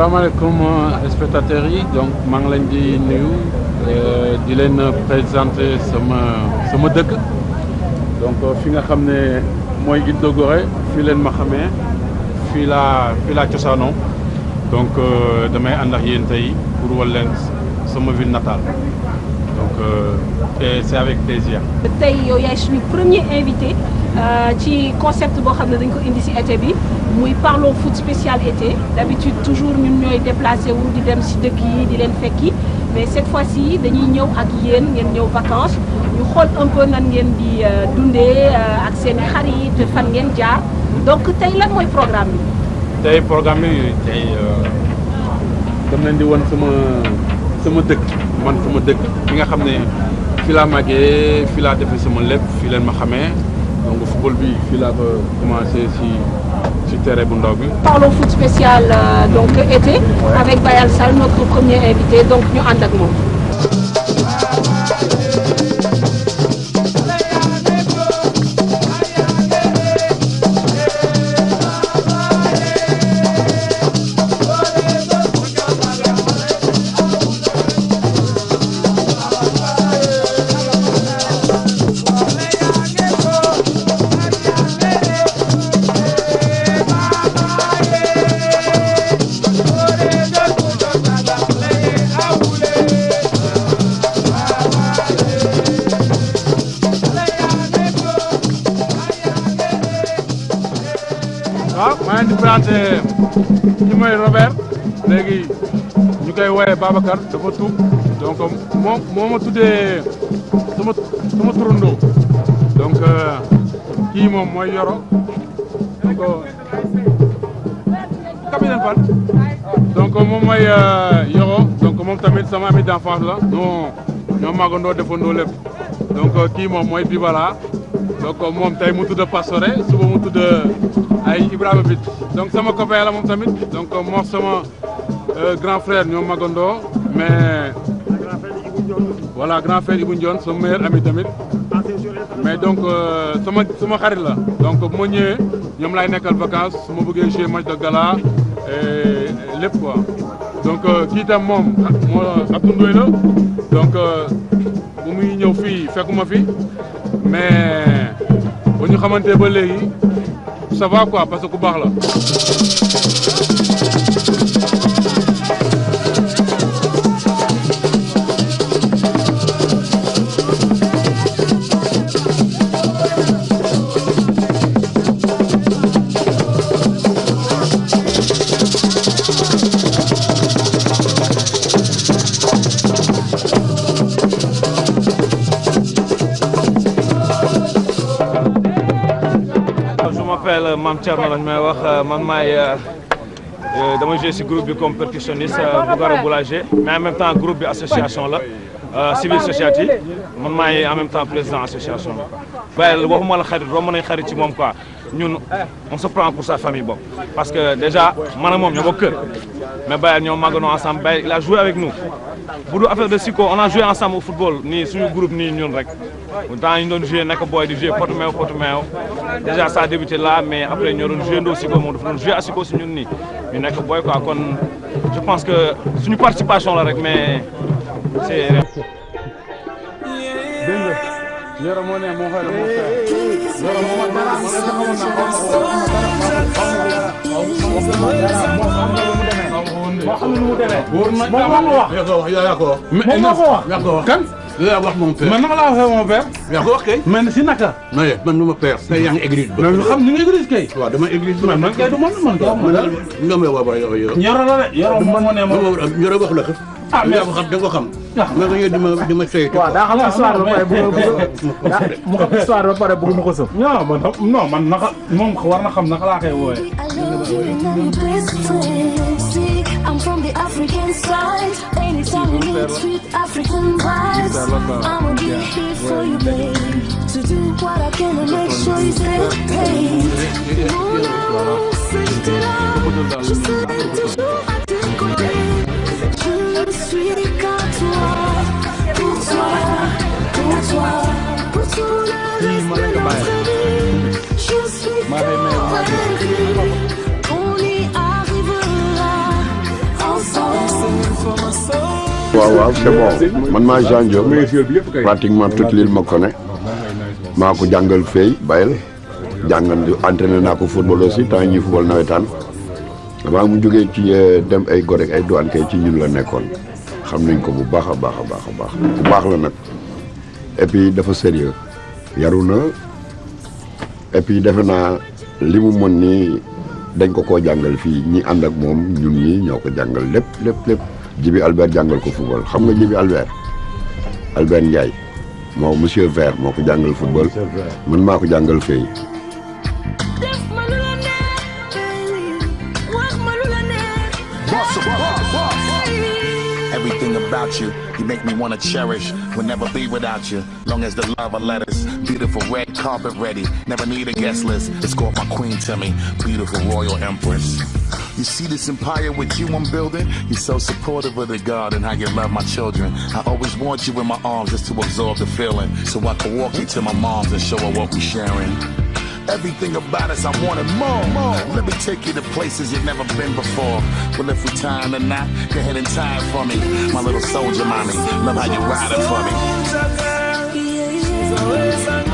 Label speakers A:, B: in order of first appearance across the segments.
A: salaamaaleykum euh, spectateurs yi donc maa ngi leen di nuyu euh, di leen présenter sama sama dëkk donc euh, fi nga xam ne mooy Ile de Gorée fii leen ma xamee fii laa fii laa cosaanoo donc damay ànd ak yéen tey pour wal sama ville natale donc te c'est avec
B: plaisir. tey yow yaay suñu premier invité ci concept boo xam ne dañ ko indi si été bi. muy parlons foot spécial été d'habitude toujours ñun ñooy déplacé wu di dem si dëkk yi di leen fekki mais cette fois-ci dañuy ñëw ak yéen ngeen ñëw vacances ñu xool un peu nan ngeen di euh, dundee euh, ak seen i xarit fan ngeen jaar donc tey lan mooy programme bi.
A: tey programme bi tey euh, dem nañ di woon sama sama dëkk man sama dëkk fi nga xam ne fi laa màggee fi laa defee sama lépp fi leen ma xamee donc football bi fi laa ko commencé si. ci terrain bu ndaw bi.
B: parlons foot spécial euh, donc été avec Bayal Sall notre premier invité donc ñu ànd ak moom.
A: maa ngi di placé Robert léegi ñu koy woowee Babacar dafa tuub donc moom moo ma tuddee sama sama turandoo euh, kii moom mooy Yoro donc capitaine euh, Fall euh, donc moom tamit sama ami d'enfance la ñoo ñoo màggandoo defandoo lépp donc kii moom mooy Bibala donc euh, moom tey mu tudd Pastore suba mu tudd euh, ay Ibrahima Bit donc sama copain la moom tamit donc euh, moo sama grand frère ñoom magandoo mais voilà grand frère Ibou sama meilleur ami tamit mais donc sama sama xarit la donc bu ñëwee ñoom lay nekkal vacances su ma bëggee jouer match de gala et donc kii moom moo la donc bu ñëw fii fekkuma fi mais bu ñu xamante ba léegi ça va quoi parce que ku baax la.
C: maam Thierno lañ may wax euh, man maay euh, euh, dama joué si en même temps bi association la civil society man maay en même
A: temps président association bi. waaye waxuma la xarit romb nañ xarit ci mom quoi ñun on se prend pour sa famille bopp parce que déjà man ak moom ñoo bokk ensemble Baye il a joué avec nous bu du affaire de Siko on a joué ensemble au football nii suñu groupe nii ñun rek. temps ñu doon joué naka booy di joué potu meew potu meew déjà ça a débuté là mais après ñoo doon joué ndoo Siko moom dafa doon joué à Siko si ñun nii ñu nekk booy quoi kon je pense que suñu
D: participation la rek mais c' est. dégg nga Yoro moo ne moo
E: xëy la moo xëy Yoro moo ma dara man la joxoon
A: naa ko moo xam ne nu mu demee moo xam ne nu mu demee. wóor na yaa ko wax yaa ko wax. yaa ko wax kan. la wax mon père man naka laa waxee euh, mon père. yaa ko wax kay. man si naka. non yéen man nu ma père. tey yaa ngi église ba. loolu xam ni nga église kay. waaw dama église ba. man kay du man man kay wax man daal. nga may wax ba yow yow. Nioro la de Nioro moom moo ne ma. Nioro wax la ko. ah mais yaa ko xam da ah. nga ko xam. ma nga ñëw di ma di ma saytu. waaw daa xam histoire ba pare bëgg na ko mu xam histoire ba pare bëgg na ko sëf. non man naka moom war na xam naka laa koy wooyee.
E: the African side. Anytime you need sweet African vibes, I'ma be
A: here for
E: you, babe. To do what I can to make sure you stay paid. No, no, sit down. Just a little too articulate. Je suis qu'à toi, pour toi, pour toi. waaw man maa Jean Diop pratiquement toute l'île ma connais
F: maa ko jàngal fay bayal jàngal entraîné naa ko football aussi temps ñi football nawetaan avant mu jógee ci euh, dem ay góor ak ay douane ci ñun la nekkoon xam nañ ko bu baax a baax a baax a baax bu baax la nag et dafa sérieux yaru na et puis defe naa li mu mën nii dañ ko koo jàngal fii ñi ànd ak moom ñun ñi ñoo ko jàngal lépp lépp lépp Djibi Albert jàngal ko football xam nga Djibi Albert Albert Ndiaye moo monsieur Vert moo ko jàngal football mën maa ko jàngal fii
A: about you. You make me wanna cherish. We'll never be without you. Long as the love of letters. Beautiful red carpet ready. Never need a guest list. Escort my queen to me. Beautiful royal empress. You see this empire with you I'm building? You're so supportive of the God and how you love my children. I always want you in my arms just to absorb the feeling. So I can walk you to my mom's and show her what we're sharing. Everything about us, I wanted more, more. Let me take you to places you've never been before. Well, if we time or not, go ahead and time for me. My little soldier mommy, love how you ride
E: it for me.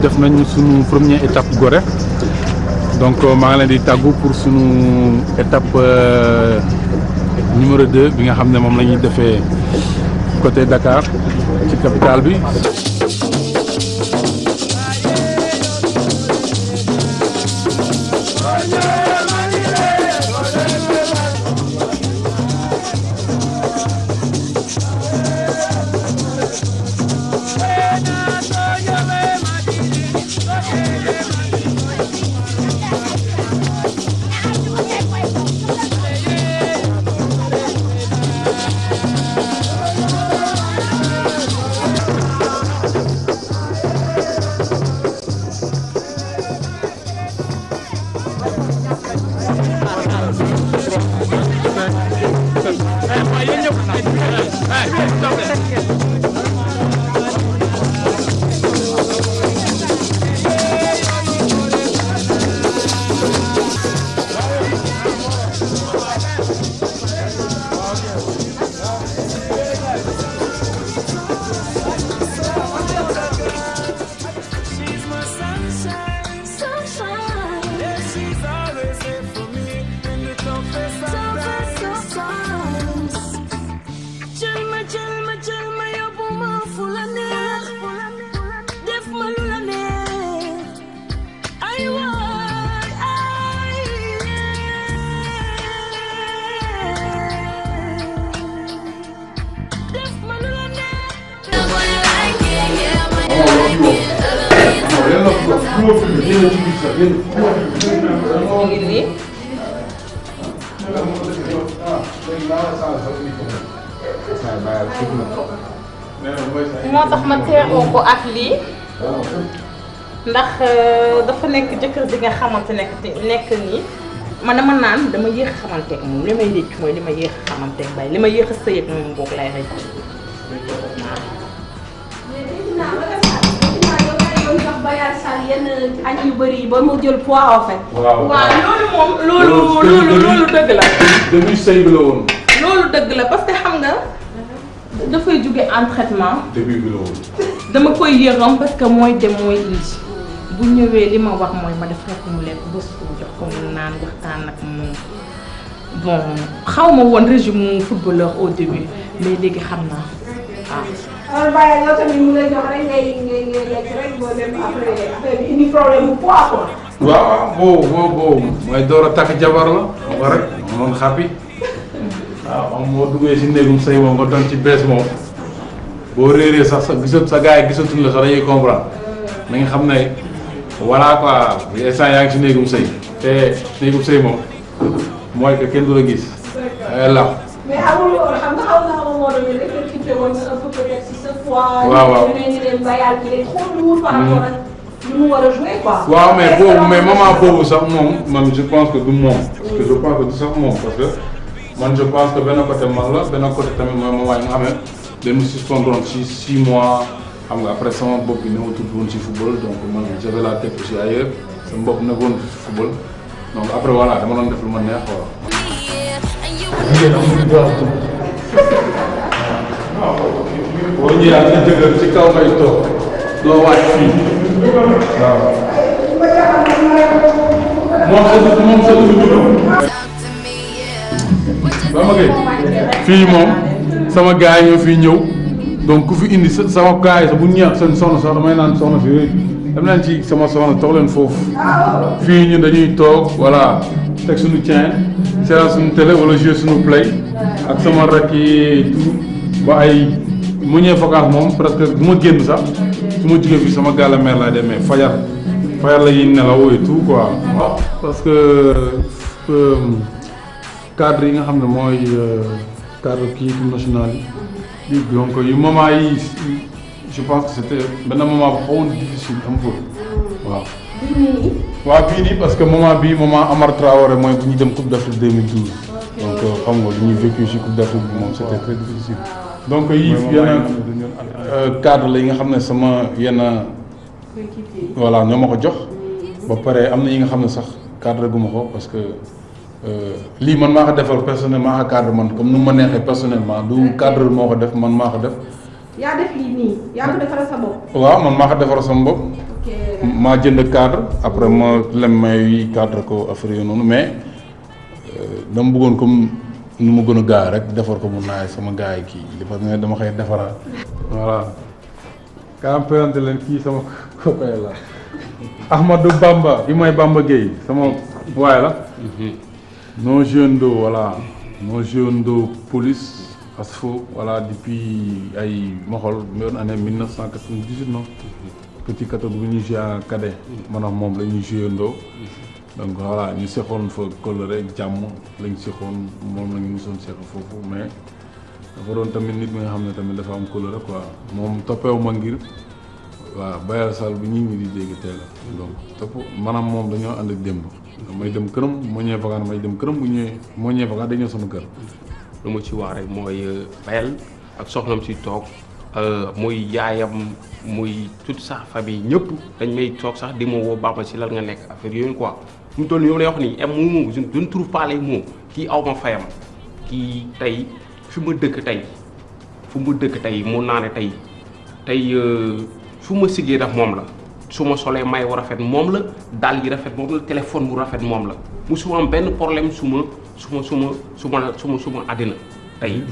A: def nañu sunu première étape Gorée donc euh, maa ngi leen di tàggu pour sunu étape euh, numéro 2 bi nga xam ne moom lañuy defee côté Dakar ci capitale bi. tax ma teeroo ko
G: ak lii ndax euh, dafa nekk jëkkër bi nga xamante nekk nekk nii man dama naan dama yéex a xamante ak moom li may réccu mooy li ma yéex a xamante ak
F: li ma yéex a sëy ak moom boog lay réccu
B: yu bëri ba mu jël poids en fait. waaw waaw loolu moom. loolu
A: loolu dëgg la. début sëy bi
B: loolu
G: dëgg la parce que xam nga. dafay jóge entraînement. début bi dama koy yërëm parce que mooy dem mooy indi. bu ñëwee li ma wax mooy ma def rekk mu lekk bés ko mu naan waxtaan ak moom bon xaw ma woon régime
B: footballeur au début mais léegi xam naa waaw. boobu
A: boobu mooy door a takk jabar la xam nga rek noonu waaw moom moo duggee si néegum sëy moom nga doon bees moom boo réeree sax sa gisat sa gars yi la sax dañuy comprendre na xam ne voilà quoi instant yaa ngi si néegum sëy te néegum sëy moom mooy que kenn du la gis
B: waaw waaw mm-hmm. boobu mais moment
A: boobu sax moom man je pense que du moom. parce que je pense que du sax moom parce que. man je pense que benn côté man la benn côté tamit mooy ma waay nga xam ne dañu a ci six mois xam nga après sama bopp bi newatul woon ci football donc man j'avais la tête aussi ailleurs sama bopp nekkoon ci football donc après voilà dama doon def lu ma neex quoi. jigéen amul droit tudd. boo ñëwee ak sa jëkkër ci kaw ngay toog doo wàcc fii
D: waaw. moom ba ma
A: fii moom sama gars yi ñoo fii ñëw donc ku fi indi sama gars yi sax bu ñu ñëwaat seen soxna sax damay naan soxna fii dem leen ci sama soxna toog leen foofu fii ñun dañuy toog voilà teg suñu tien seetaan suñu télé wala jouer suñu play ak sama rakk yi tout ba ay mu ñëwee vacances moom presque bu ma génn sax su ma jugee fii sama gàlla mer laa demee fajar fajar la ñuy nelaw et tout quoi parce que euh, cadre yi nga xam ne mooy euh, cadre kii national yi donc yu moment yi je pense que c'était benn moment bu xawoon difficile am ko waaw. waaw bii nii parce que moment bii moment Amar Traoré mooy bu ñu dem Coupe d'Afrique 2012 donc euh, xam nga lu ñuy vécu ci Coupe d'Afrique bi moom c'était très difficile. donc yii yenn euh, cadre la yi nga xam ne sama yenn. voilà ñoo ma ko jox. ba pare am na yi nga xam ne sax cadre gu ma ko parce que. Euh, lii man maa ko defal personnellement maa ko cadre man comme nu ma neexee personnellement du cadre moo ko def man maa ko def.
B: yaa ah. maa ko
A: defaral sama bopp. maa jënd cadre après ma lem may cadre ko affaire noonu mais euh, dama bëggoon comme nu ma gën a gaaw rek defar ko mun naa sama gars yi kii li parce que dama xëy defaraat. voilà. kaa présenté leen kii sama copain la. Ahmadou Bamba bi mooy Bamba Gueye sama waay la. Mhm. Nos jeunes de voilà nos jeunes de police ASFO voilà depuis ay ma xool mu yoon année 1998 non petit catégorie bu ñuy joué en cadet maanaam moom la ñuy joué donc voilà ñu seqoon fa coloré jàmm lañ seexoon moom la ñu mosoon seq foofu mais dafa doon tamit nit mi nga xam ne tamit dafa am coloré quoi moom toppeewu ma ngir waaw Bayal Sall bi ñu ñi di dégg teel donc topp maanaam moom dañoo ànd démb may dem këram moo ñëwee vacances may dem këram bu ñëwee moo ñëwee vacances day ñëw sama kër. lu ma ci waa rek
D: mooy euh, bayal ak soxnam si toog euh, muy yaayam muy toute sa famille ñëpp dañ may toog sax di ma woo baax si lan nga nekk affaire yooyu quoi mu toll yow lay wax nii am moom je ne trouve pas les mots kii aw ma fayam kii tey fi ma dëkk tey fu ma dëkk tey mun naa ne tey tey euh, fu ma siggee daf moom la. su ma solee may wu rafet moom la dal yi rafet moom la téléphone bu rafet moom la mu suma benn problème su ma su ma su ma su ma su ma su ma tey.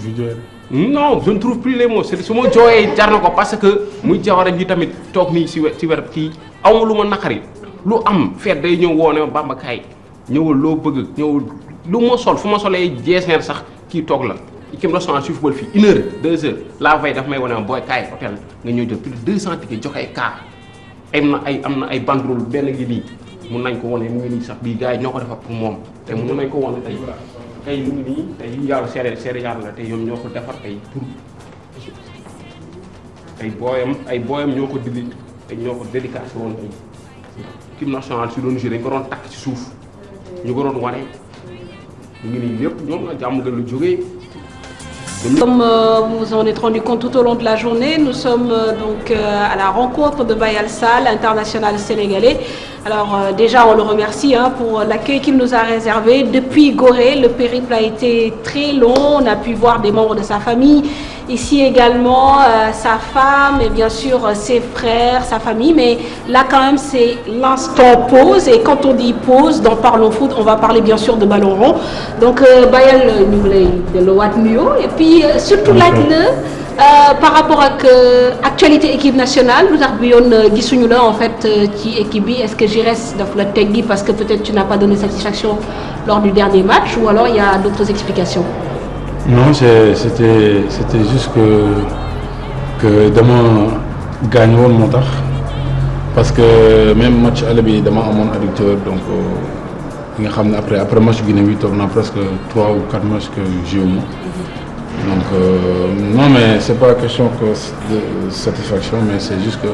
D: non je ne trouve su ma jooyee jar na ko parce que mu jawaram yi tamit toog nii si si wet kii aw lu ma naqari lu am feet day ñëw woone ma Bamba kaay ñëwal loo bëgg ñëwul lu ma sol fu ma solee jeesneer sax kii toog la équipe nationale su football fii une heure deux heures la veille daf may wane ma booy kaay hôtel nga ñëw jël plus de deux cent am na ay am na ay banderole benn gi nii mun nañ ko wane mu ngi nii sax bii gars yi ñoo ko defar pour moom te mun nañ ko wane tey tey mu ngi nii tey yàlla seere la te ñoom ñoo ko defar tey pour ay booyam ay booyam ñoo ko dili te ñoo ko dédication woon tey équipe nationale doon joué dañ ko doon takk ci suuf ñu ko doon wane mu ngi nii lépp ñoom la jàmm gën lu jógee
B: Comme euh, vous vous en êtes rendu compte tout au long de la journée, nous sommes euh, donc euh, à la rencontre de Bayal Sall, international sénégalais. Alors euh, déjà, on le remercie hein, pour l'accueil qu'il nous a réservé. Depuis Gorée, le périple a été très long. On a pu voir des membres de sa famille, Ici également, euh, sa femme et bien sûr euh, ses frères, sa famille. Mais là, quand même, c'est l'instant pause. Et quand on dit pause, dans Parlons Foot, on va parler bien sûr de ballon rond. Donc, euh, Bayal, nous de l'Ouad Et puis, euh, surtout, la par rapport ak actualité équipe nationale lu tax bi yoon gisuñu la en fait ci équipe est-ce que Giresse daf la teggi parce que peut-être tu n'as pas donné satisfaction lors du dernier match ou alors il y a d'autres explications
A: non c'était c'était juste que que dama gaañ woon moo tax parce que même match aller bi dama amoon adducteur donc li euh, nga xam ne après après match Guinée bi toog presque trois ou quatre matchs que joué ma donc euh, non mais c'est pas question que de satisfaction mais c'est juste que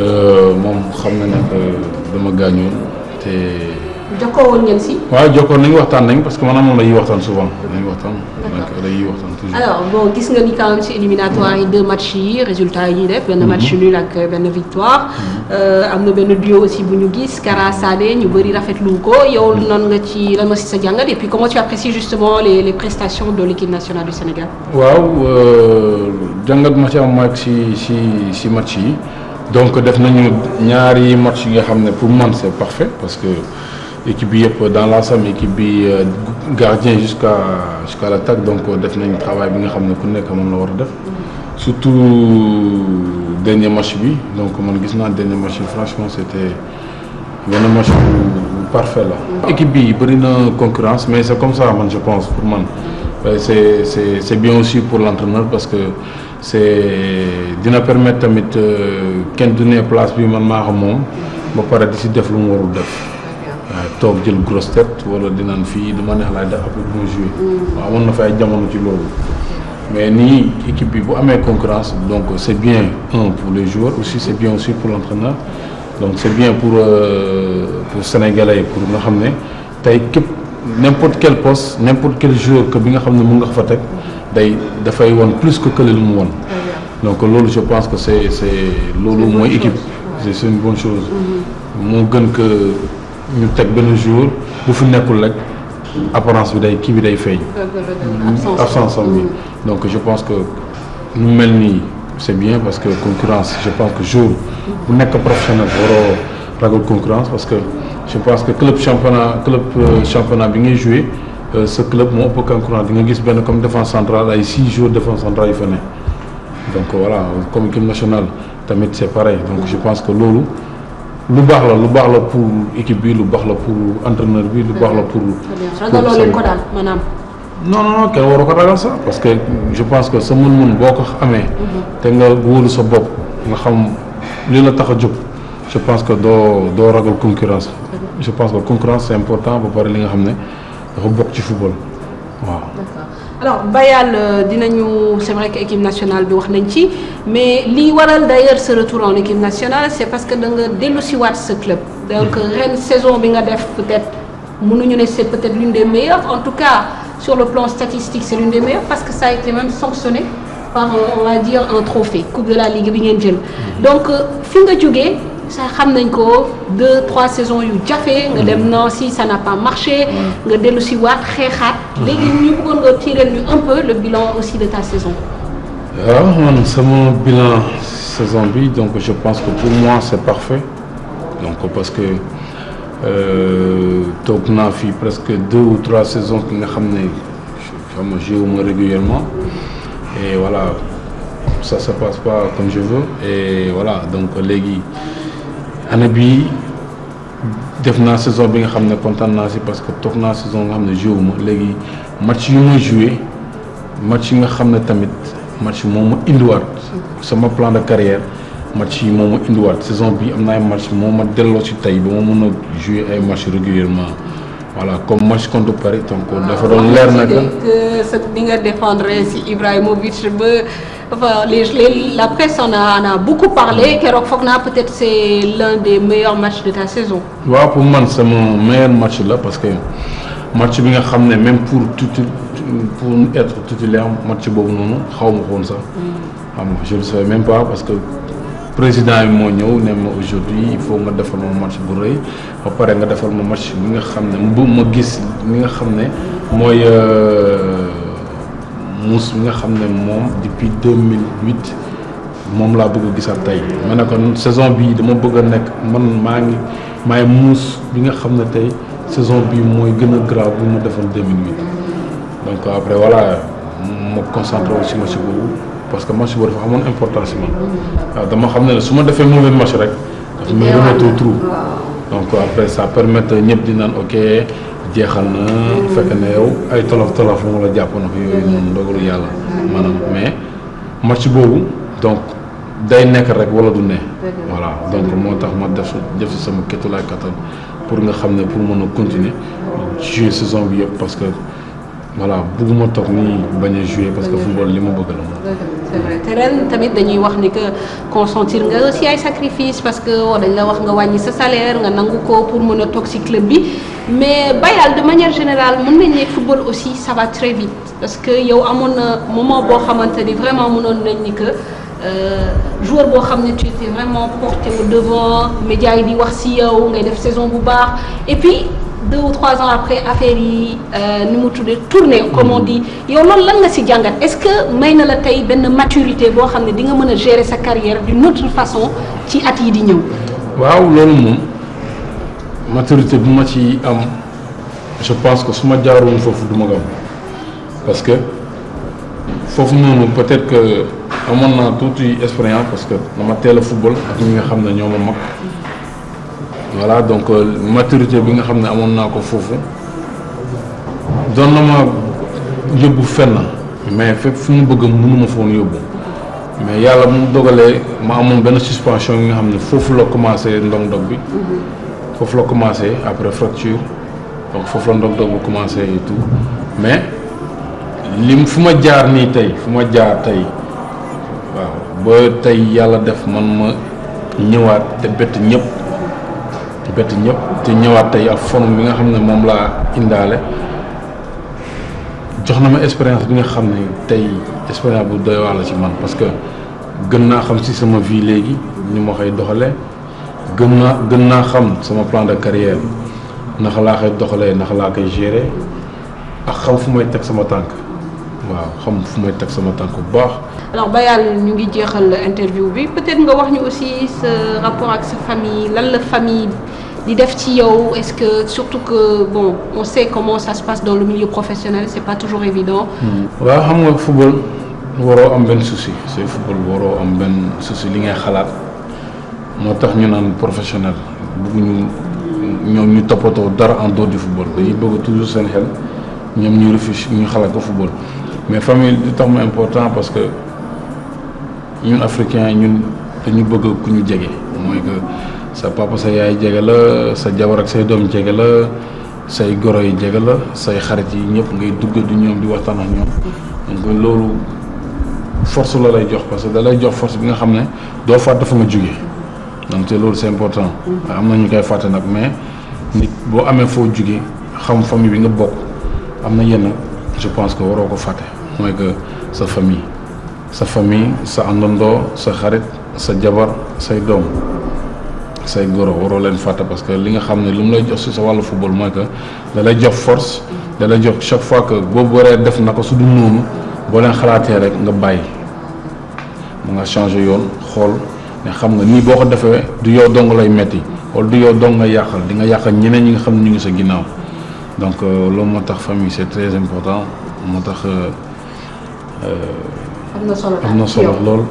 A: euh, moom xam na ne dama gaañoon te.
B: jokkoo woon ngeen si.
A: waaw jokkoo nañu waxtaan nañ parce que maanaam moom la ñuy waxtaan souvent dañuy waxtaan. donc la ñuy waxtaan
B: toujours. alors bon gis nga ni quand même si éliminatoire yi deux matchs yi résultat yi ñuy def. benn match mhm. nul ak benn victoire. Mhm. Euh, am na benn duo aussi bu ñu gis Kara Sané ñu bëri rafetlu ko yow mhm. noonu nga ci lan nga si sa jàngat et puis comment tu apprécies justement les les prestations de l' équipe nationale du Sénégal.
A: waaw euh, jàngat ma ci am si si si match yi donc def nañu ñaari match yi nga xam ne pour man c' parfait parce que. équipe bi yëpp dans la l'ensemble équipe bi euh, gardien jusqu'à jusqu'à l'attaque donc euh, def nañ travail bi nga xam ne ku nekk moom la war a def surtout dernier match bi donc man gis naa dernier match bi franchement c'était benn match bu la équipe bi bëri na concurrence mais c'est comme ça man je pense pour man c'est c'est c'est bien aussi pour l'entraîneur parce que c'est dina permettre tamit euh, kenn du ne place bi man maa moom ba pare di si def lu mu warul def toog jël grosse tête wala dinaan fii dama neex laay def après bu joué mm. waaw amoon na fa ay jamono ci loolu mais nii équipe bi bu amee concurrence donc est bien un pour les joueurs aussi c' est bien aussi pour l' est bien pour euh, pour sénégalais pour nga xam ne tey képp n' importe quel poste n' importe bi nga xam ne mën nga fa teg day dafay woon plus que que li mu woon donc loolu je pense que c' est loolu mooy équipe c' est une chose
E: mm-hmm.
A: moo gën que ñu teg benn jour bu fi nekkul rek apparence bi day kii bi day feeñ.
E: absence am bi
A: donc je pense que ñu mel nii c'est bien parce que concurrence je pense que jour bu nekk professionnel waroo ragal concurrence parce que je pense que club championnat club euh, championnat bi ngay joué sa euh, club moo ëpp concurrence di nga gis benn comme défence centrale ay six jours défense centrale yu fa ne donc voilà comme équipe national tamit c'est pareil donc je pense que loolu. lu baax la lu baax la pour équipe bi lu baax la pour entraîneur bi lu baax la pour. ragaloo leen ko daal maanaam. non non non kenn waru ko ragal sax parce que je pense que sa mën-mën boo ko amee. Mhm. te nga wóolu sa bopp nga xam li la tax a jóg. je pense que doo doo ragal concurrence. je pense que concurrence c'est important ba pare li nga xam ne dafa bokk ci football waaw.
B: alors Bayal euh, dinañu c'est vrai équipe nationale bi wax nañ ci mais li waral d'ailleurs ce retour en équipe nationale c'est parce que da nga dellu si waat sa club donc hmm. ren saison bi nga def peut-être ñu ne c'est peut-être l'une des meilleures en tout cas sur le plan statistique c'est l'une des meilleures parce que sa a été même sanctionné par euh, on va dire un trophée coupe de la ligue bi ngeen jël hmm. donc euh, fi nga jógee ça xam nañ ko deux trois saisons yu jafe. nga dem mm. non si n'a pas marché. Mm. nga dellu si waat xeexaat. Mm. léegi ñu bëggoon nga tirer ñu un peu le bilan de ta saison.
A: waaw ah, man sama bilan saison bi donc je pense que pour moi c'est parfait donc parce que euh, toog naa fi presque deux ou trois saisons ki nga xam ne xam nga joué ma régulièrement et voilà ça se passe pas comme je veux et voilà donc léegi. année bii def naa saison bi nga xam ne kontaan naa si parce que toog naa saison nga xam ne joué ma léegi match yu ma joué match yi nga xam ne tamit match moom ma indiwaat sama plan de carrière match yi moo indiwaat saison bi am na ay match moom ma delloo si tey ba ma mën a joué ay match régulièrement voilà comme match contre Paris donc dafa doon leer nag.
B: sa ni nga si Ibrahimovic ba. Enfin, euh, les, les, la presse en a, en a beaucoup parlé keroog foog naa peut-être c'est l'un des meilleurs matchs de ta saison.
A: waaw pour man sama meilleur match la parce que match bi nga xam ne même pour tutu pour être titulaire match boobu noonu xaw ma ko sax. Mm. xam nga je le savais même pas parce que président bi moo ñëw ne ma aujourd'hui il faut nga defal ma match bu rëy ba pare nga defal ma match bi nga xam ne bu ma gis li nga xam ne mooy. Euh, muus bi nga xam ne moom depuis 2008 moom laa bëgg a gisaat tey ma ne kon saison bii dama bëgg a nekk man maa ngi maay muus bi nga xam ne tey saison bii mooy gën a grave bu mu defoon 2008 donc après voilà ma concentré wu si match boobu parce que match boobu dafa amoon importance si man waaw dama xam ne su ma defee mauvais match rek daf may donc après ça permettre ñëpp di naan ok. jeexal na fekk ne yow ay tolof tolof mu la jàpp na ko yooyu mm-hmm. noonu ndogalu yàlla mm-hmm. maanaam mais match boobu donc day nekk rek wala du ne voilà donc moo tax ma def def si sama kéttulaay kattan pour nga xam ne pour mën a continuer jouer saison bi yëpp parce que voilà bëgguma toog nii bañ a jouer parce que football
D: li ma bëgg la moom.
B: c'est te ren tamit dañuy wax ni que consentir nga aussi ay sacrifice parce que oh, dañ la wax nga wàññi sa salaire nga nangu ko pour mën a toog si club mais bay daal de manière générale mën nañ ne football aussi ça va très vite parce que yow amoon na moment boo xamante ni vraiment mënoon nañ ni que euh, joueur boo xam ne tu étais vraiment porté au devant média yi di wax si yow ngay def saison bu baax et puis deux ou trois ans après affaire yi euh, ni mu tuddee tourner comme on di yow loolu lan nga si jàngat est-ce que may na la tey benn maturité boo xam ne di nga mën a gérer sa carrière d'une autre façon ci at yi di ñëw.
A: waaw loolu moom. maturité bi ma ci am je pense que su ma jaaroon foofu du ma gaaw parce que foofu noonu peut-être que amoon naa tuuti expérience parce que dama teel a football ak ñi nga xam ne ñoo ma mag voilà donc euh, maturité bi nga xam ne amoon naa ko foofu doon na ma yóbbu fenn mais fépp fu mu bëgg mënuma woon yóbbu mais yàlla mu dogalee ma amoon benn suspension yi nga xam ne foofu la commencé ndong-ndong bi foofu la commencé après fracture donc foofu la ndog-ndog bu commencé et tout mais lim fu ma jaar nii tey fu ma jaar tey waaw ba tey yàlla def man ma ñëwaat te bett ñëpp bett ñëpp te ñëwaat tey ak forme bi nga xam ne moom laa indaale jox na ma expérience bi nga xam ne tey expérience bu doy waar la ci man parce que gën naa xam si sama vie léegi ñu ma koy doxalee. gëm naa gën naa xam sama plan de carrière naka laa koy doxalee naka laa koy gérer ak xam fu may teg sama tànk waaw xam fu may teg sama tànk bu baax.
B: alors Bayal ñu ngi jeexal interview bi peut-être nga wax ñu aussi sa rapport ak sa famille lan la famille di def ci yow est-ce que surtout que bon on sait comment ça se passe dans le milieu professionnel c'est pas toujours évident.
A: Hmm. waaw xam nga football waroo am benn souci c'est football waroo am benn souci li ngay xalaat. moo tax ñu naan professionnel bëgguñu ñoom ñu toppatoo dara en dehors du football dañuy bëgg toujours seen xel ñoom ñu réfléchir ñu xalaat ko football. mais famille di tax mu important parce que ñun africain ñun dañu bëgg ku ñu jege mooy que sa papa sa yaay jege la sa jabar ak say doom jege la say goro yi jege la say xarit yi ñëpp ngay dugg du ñoom di waxtaan ak ñoom donc loolu force la lay jox parce que da jox force bi nga xam ne doo fàtte fa ma jógee. donc te loolu c'est important. am na ñu koy fàtte nag mais nit boo amee foo jugee xam famille bi nga bokk am na yenn je pense que waroo ko fàtte mooy que sa famille sa famille sa àndandoo sa xarit sa jabar say doom say goro waroo leen fàtte parce que li nga xam ne lu mu lay jox si sa wàllu football mooy que da jox force da jox chaque fois que boobu waree def na ko su du noonu boo leen xalaatee rek nga bàyyi. nga changé yoon xool mais xam nga nii boo ko defee du yow dong lay metti wala du yow dong nga yàqal di nga yàqal ñeneen ñi nga xam ne ñu ngi sa ginnaaw donc euh, loolu moo tax famille c'est très important moo tax euh, euh,
B: am na solo am
A: lool.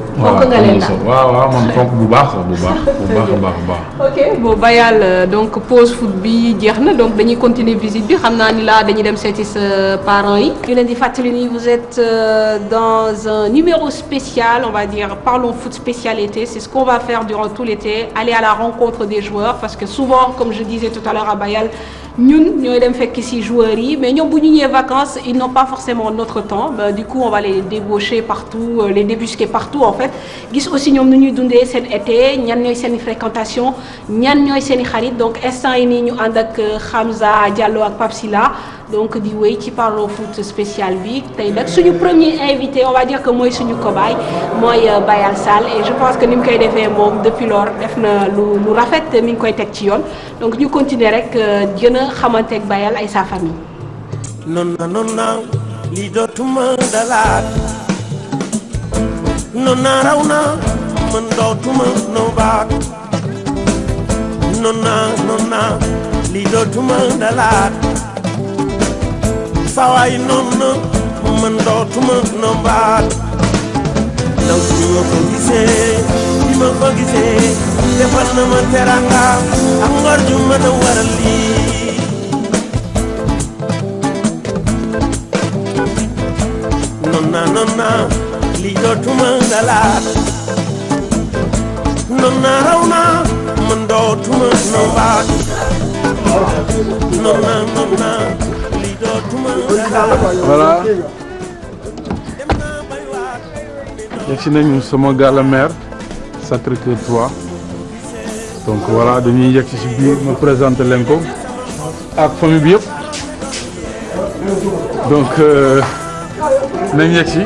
A: waaw bu baax bu baax
B: bu donc pose foot bi jeex na donc dañuy continuer visite bi xam naa ni laa dañuy dem seeti sa parents yi. ñu leen di fàttali ni vous êtes euh, dans un numéro spécial on va dire parlons foot spécialité c'est ce qu'on va faire durant tout l'été aller à la rencontre des joueurs parce que souvent comme je disais tout à l'heure à Bayal. ñun ñooy dem fekk ci joueurs yi mais ñoom bu ñu ñëwee vacances ils n'ont pas forcément notre temps bah, du coup on va les débaucher partout euh, les débusquer partout en fait gis aussi ñoom nu ñuy dundee seen été ñan ñooy seen fréquentation ñan ñooy seen i xarit donc instant yi nii ñu ànd ak euh, Hamza Diallo ak Papsila donc di wéy ci parlons foot spécial bi tey nag suñu premier invité on va dire que mooy suñu ko cobaye mooy euh, Bayal Sall et je pense que ni mu koy defee moom depuis lors def na lu lu rafet mi ngi koy teg ci yoon donc ñu continuer rek euh, gën a xamante ak Bayal ay sa famille.
C: non non naa raw naa man dootuma noo dalaat. sawaay noom na man dootuma nombaat ndaw si ma gisee bi ma gisee defal na ma teranga ak mën a waral lii non na lii dootuma ngalaat non na raw na man dootuma nombaat non na non voilà
A: yegg si nañu sama gàlla maire Sacré-Cœur 3 donc voilà dañuy yegg si biir ma présenté leen ko ak famille bi yëpp donc euh, nañ yegg si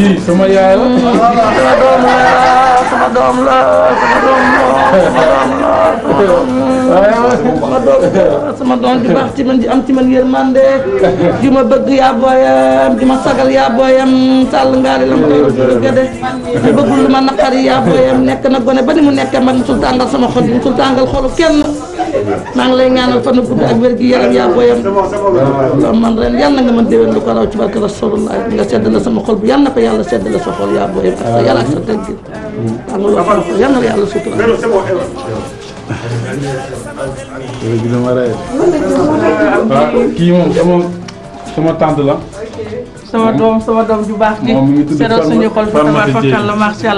A: kii sama yaay la. sama doom la sama doom la sama doom la
G: sama doom di baax ci man di am ci man yërmande di ma bëgg yaa booyam di ma sagal yaa booyam sàll ngaari la ma bëgg de di bëggul lu ma naqari yaa booyam nekk na gone ba ni mu nekkee man musul tàngal sama xol bi musul tàngal xolu kenn maa ngi lay ñaanal fan gudd ak wér gi yaram yaa booyam loo man ren yal na nga mën déwén lu ko raw ci barke rasulullah nga sedd la sama xol bi yal na ko yàlla sedd la sa xol yaa booyam ak sa yàlla ak sa teggin
E: daa nga loo xam yal la yàlla sama
A: sama la
G: sama doom sama baax ji seddal suñu la macha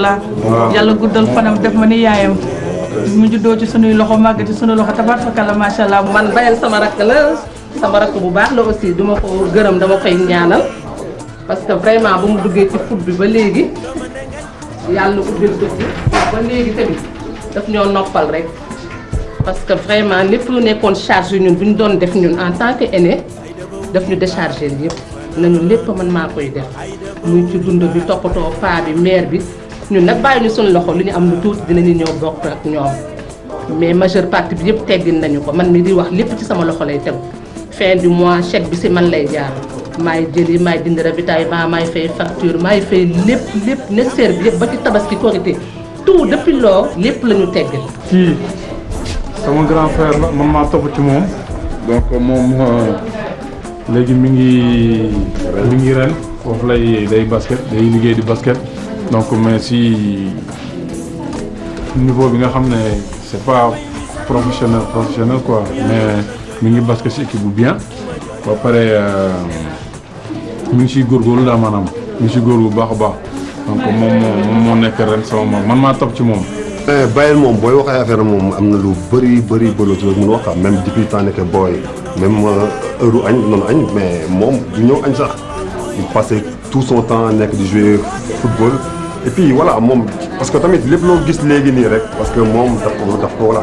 G: yàlla guddal fanam def yaayam mu juddoo ci sunuy loxo màgg ci suñu loxo tabaat fakala macha allah man bayal sama rakk la sama rakk bu baax la aussi duma ko gërëm dama koy ñaanal parce que vraiment bu mu duggee ci foot bi ba léegi yàlla ubbil ko ci ba léegi tamit daf ñoo noppal rek parce que vraiment lépp lu nekkoon charge ñun bu ñu doon def ñun en tant que aîné daf ñu décharger yëpp nañu lépp man maa koy def muy ci dund bi toppatoo paa bi mère bi ñun nag bàyyi ñu suñu loxo lu ñu am lu tuuti dinañu ñëw bokk ak ñoom mais majeure partie bi yëpp teggin nañu ko man mi di wax lépp ci sama loxo lay tegu fin du mois chèque bi si man lay jaar maay jëli maay dindi maa maay fay facture maay fay lépp lépp nécessaire bi yëpp ba ci tabaski korité tout depuis lors lépp lañu ñu teggin.
A: kii sama grand frère la man maa topp ci moom. donc moom euh, léegi mi ngi. mi ngi ren foofu lay day basket day liggéey di basket. donc mais si niveau bi nga xam ne c'est pas professionnel professionnel quoi mais mi ngi basque si équipe bu bien ba pare euh, mi ngi siy góorgóorlu la maanaam mi ngi siy góor bu baax a baax donc moom moom moo nekk ren sama man maa
F: topp ci moom. Eh, Bayern moom booy wax ay affaire moom am na lu bëri bëri bëri ci mën wax ah, même depuis temps euh, añ noonu añ mais moom du ñëw añ sax il tout son temps nekk di jouer football et puis voilà moom parce que tamit lépp loo gis léegi nii rek parce que moom daf ko daf ko voilà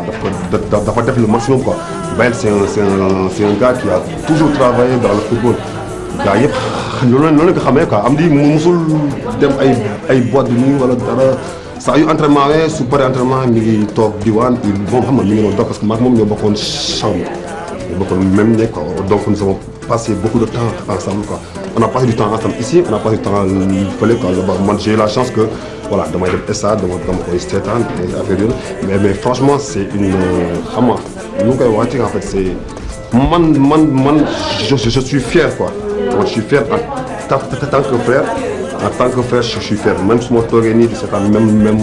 F: daf dafa def le maximum quoi Bayel c'est un c'est a toujours travaillé dans le football gars yëpp loolu la loolu la nga musul dem ay ay boîte bi nii wala dara saa yu entraînement wee su paree entraînement mi ngi toog diwaan moom xam nga mi ngi doon dox parce que maag moom ñoo bokkoon chambre ñoo bokkoon même ne quoi donc sama passé beaucoup de temps ensemble quoi on a passé du temps ensemble ici on a passé du temps fële quoi là-bas man j'ai eu la chance que voilà damay dem stade dama dama koy seetaan affaire yooyu mais mais franchement c'est une xam nga nu ngi koy waxati en fait c'est man man man je je suis fier quoi man je suis fier en tant que frère. en tant que frère je suis fier man su ma toogee nii di seetaan même même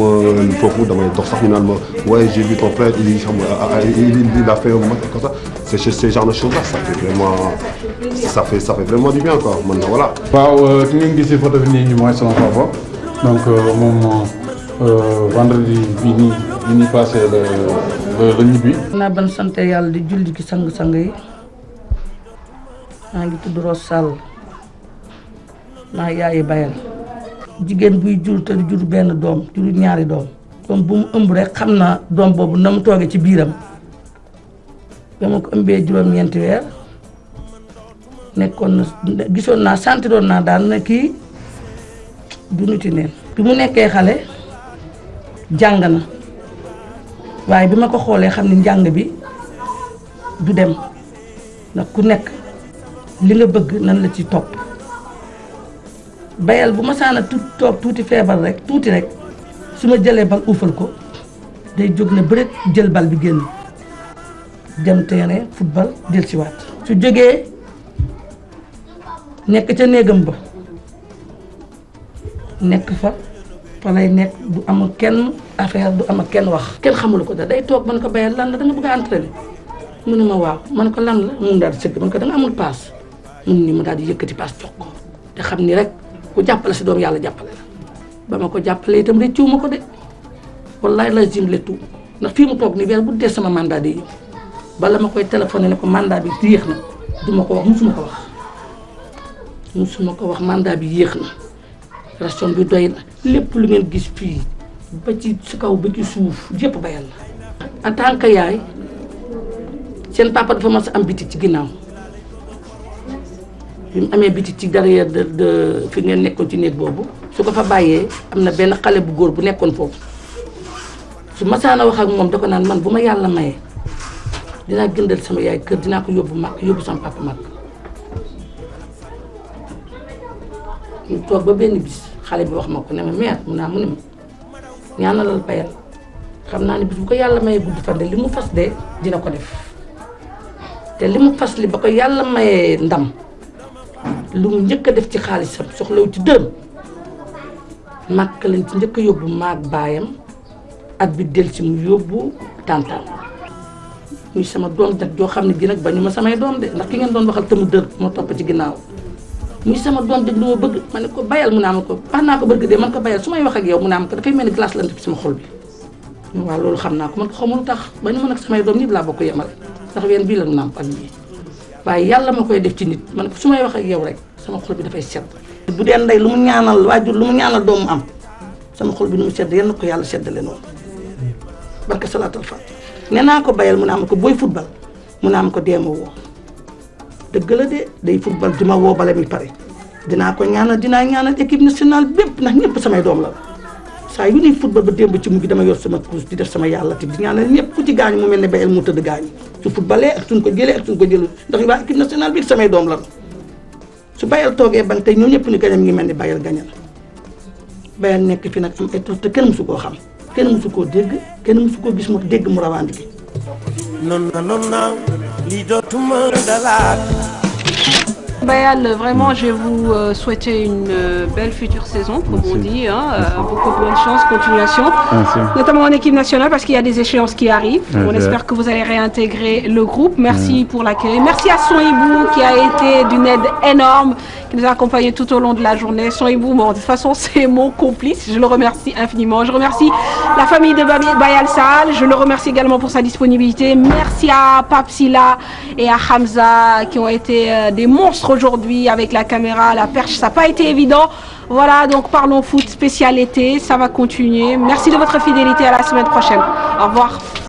F: foofu damay dox sax ñu naan ma waaye j'ai vu ton frère il xam ah, ah, il a fait un match comme ça c'est ce genre de chose là ça fait vraiment ça fait ça fait vraiment du bien quoi man voilà.
A: waaw ki euh, ngeen gisee photo bi nii nii mooy sama papa donc euh, moom euh, vendredi bi nii bi ñuy passé la la ñibbi.
G: naa ban sant yàlla di julli ci sang-sang yi maa ngi tudd Rose Sall. maa yaayi bayal jigéen buy jur te jur benn doom jur ñaari doom comme bu mu ëmb rek xam na doom boobu na mu ci biiram ba ma ko ëmbee juróom-ñeenti weer nekkoon na gisoon naa santiroon naa daal na kii du nuti neen bi mu nekkee xale jàng na waaye bi ma ko xoolee xam ni njàng bi du dem ndax ku nekk li nga bëgg nan la ci topp bayal bu ma saana tu toog tuuti feebar rek tuuti rek su ma jëlee bal uufal ko day jóg ne bëreet jël bal bi génn dem terrain football del si waat su jógee nekk ca néegam ba nekk fa fa lay nekk du am kenn affaire du am kenn wax kenn xamul ko da day toog man ko bayal lan la da nga bëgg a entraîner mu ma waaw man ko lan la mun daal di sëgg man ko da amul paas mun ni mu daal di yëkkati paas jox te xam ni rek ku jàppale si doom yàlla jàppale la ba ma ko jàppale itam rëccuwu ma ko de wallaay la jim léttu ndax fii mu toog ni bu dee sama mandat de yëpp bala ma koy téléphoné ne ko mandat bi yéex na du ma ko wax musuma ko wax musuma ko wax mandat bi yéex na ration bi doy na lépp lu ngeen gis fii ba ci si kaw ba ci suuf yëpp bayal la en tant que yaay seen papa dafa mas a am biti ci ginnaaw bi mu amee biti ci derrière de de fi ngeen nekkoon ci néeg boobu su ko fa bàyyee am na benn xale bu góor bu nekkoon foofu su masaana wax ak moom da ko naan man bu ma yàlla mayee dinaa gëndal sama yaay kër dinaa ko yóbbu mag yóbbu sama papa mag ñu toog ba benn bis xale bi wax ma ko ne ma mère mun naa mu ne ma payal xam naa ne bis bu ko yàlla mayee gudd fan de li mu fas de ko def te li mu fas li ba ko yàlla mayee ndam lu mu njëkk a def ci xaalisam soxlawu ci dërëm màkk lañ ci njëkk a yóbbu maag baayam ak bi del ci mu yóbbu tàntaan muy sama doom jag joo xam ne gi nag ba ñu ma samay doom de ndax ki ngeen doon waxal te mu dër topp ci ginnaaw muy sama doom jag lu ma bëgg ma ne ko bayal mu ne am ko wax naa ko bëgg de man ko bayal su may wax ak yow mu ne am ko dafay mel ni glace lan def sama xol bi waaw loolu xam naa ko man ko xamul tax ba ñu mën ak samay doom ñëpp laa bokk yemal ndax ween bii la mu naam ak bii waaye yàlla ma koy def ci nit man su may wax yow rek sama xol bi dafay sedd bu dee ndey lu mu ñaanal waajur lu mu ñaanal doomu am sama xol bi nu mu sedd yal na ko yàlla seddale noonu barka salaatal faatiha nee naa ko bayal mu ne am ko booy football mu ne am ko deema woo dëgg la de day football di ma woo bala mi pare dinaa ko ñaanal dinaa ñaanal équipe nationale bépp ndax ñëpp samay doom la la saa yu ne football ba démb ci mu ngi dama yor sama kurus di def sama yàlla tamit di ñaanal ñëpp ku ci gaañu mu mel ne bayel mu tëdd gaañu su footballee ak suñ ko jëlee ak suñ ko jëlul ndax waa équipe nationale bi samay doom la su bayel toogee ban tey ñoom ñëpp ni gañam ngi mel ne bayel gañal bayel nekk fi nag am ay te kenn musu koo xam kenn musu koo dégg kenn musu koo gis mu dégg mu rawandi bi non na
C: non lii
B: Bayal, vraiment, je vais vous euh, souhaiter une euh, belle future saison, comme Merci. on dit. Hein, euh, beaucoup de bonne chance, continuation. Merci. Notamment en équipe nationale, parce qu'il y a des échéances qui arrivent. Merci. On espère que vous allez réintégrer le groupe. Merci pour l'accueil. Merci à Son Hibou, qui a été d'une aide énorme, qui nous a accompagnés tout au long de la journée. Son Hibou, bon, de toute façon, c'est mon complice. Je le remercie infiniment. Je remercie la famille de Bayal Sahal. Je le remercie également pour sa disponibilité. Merci à Papsila et à Hamza, qui ont été euh, des monstres aujourd'hui avec la caméra, la perche, ça n'a pas été évident. Voilà, donc parlons foot spécialité, ça va continuer. Merci de votre fidélité, à la semaine prochaine. Au revoir.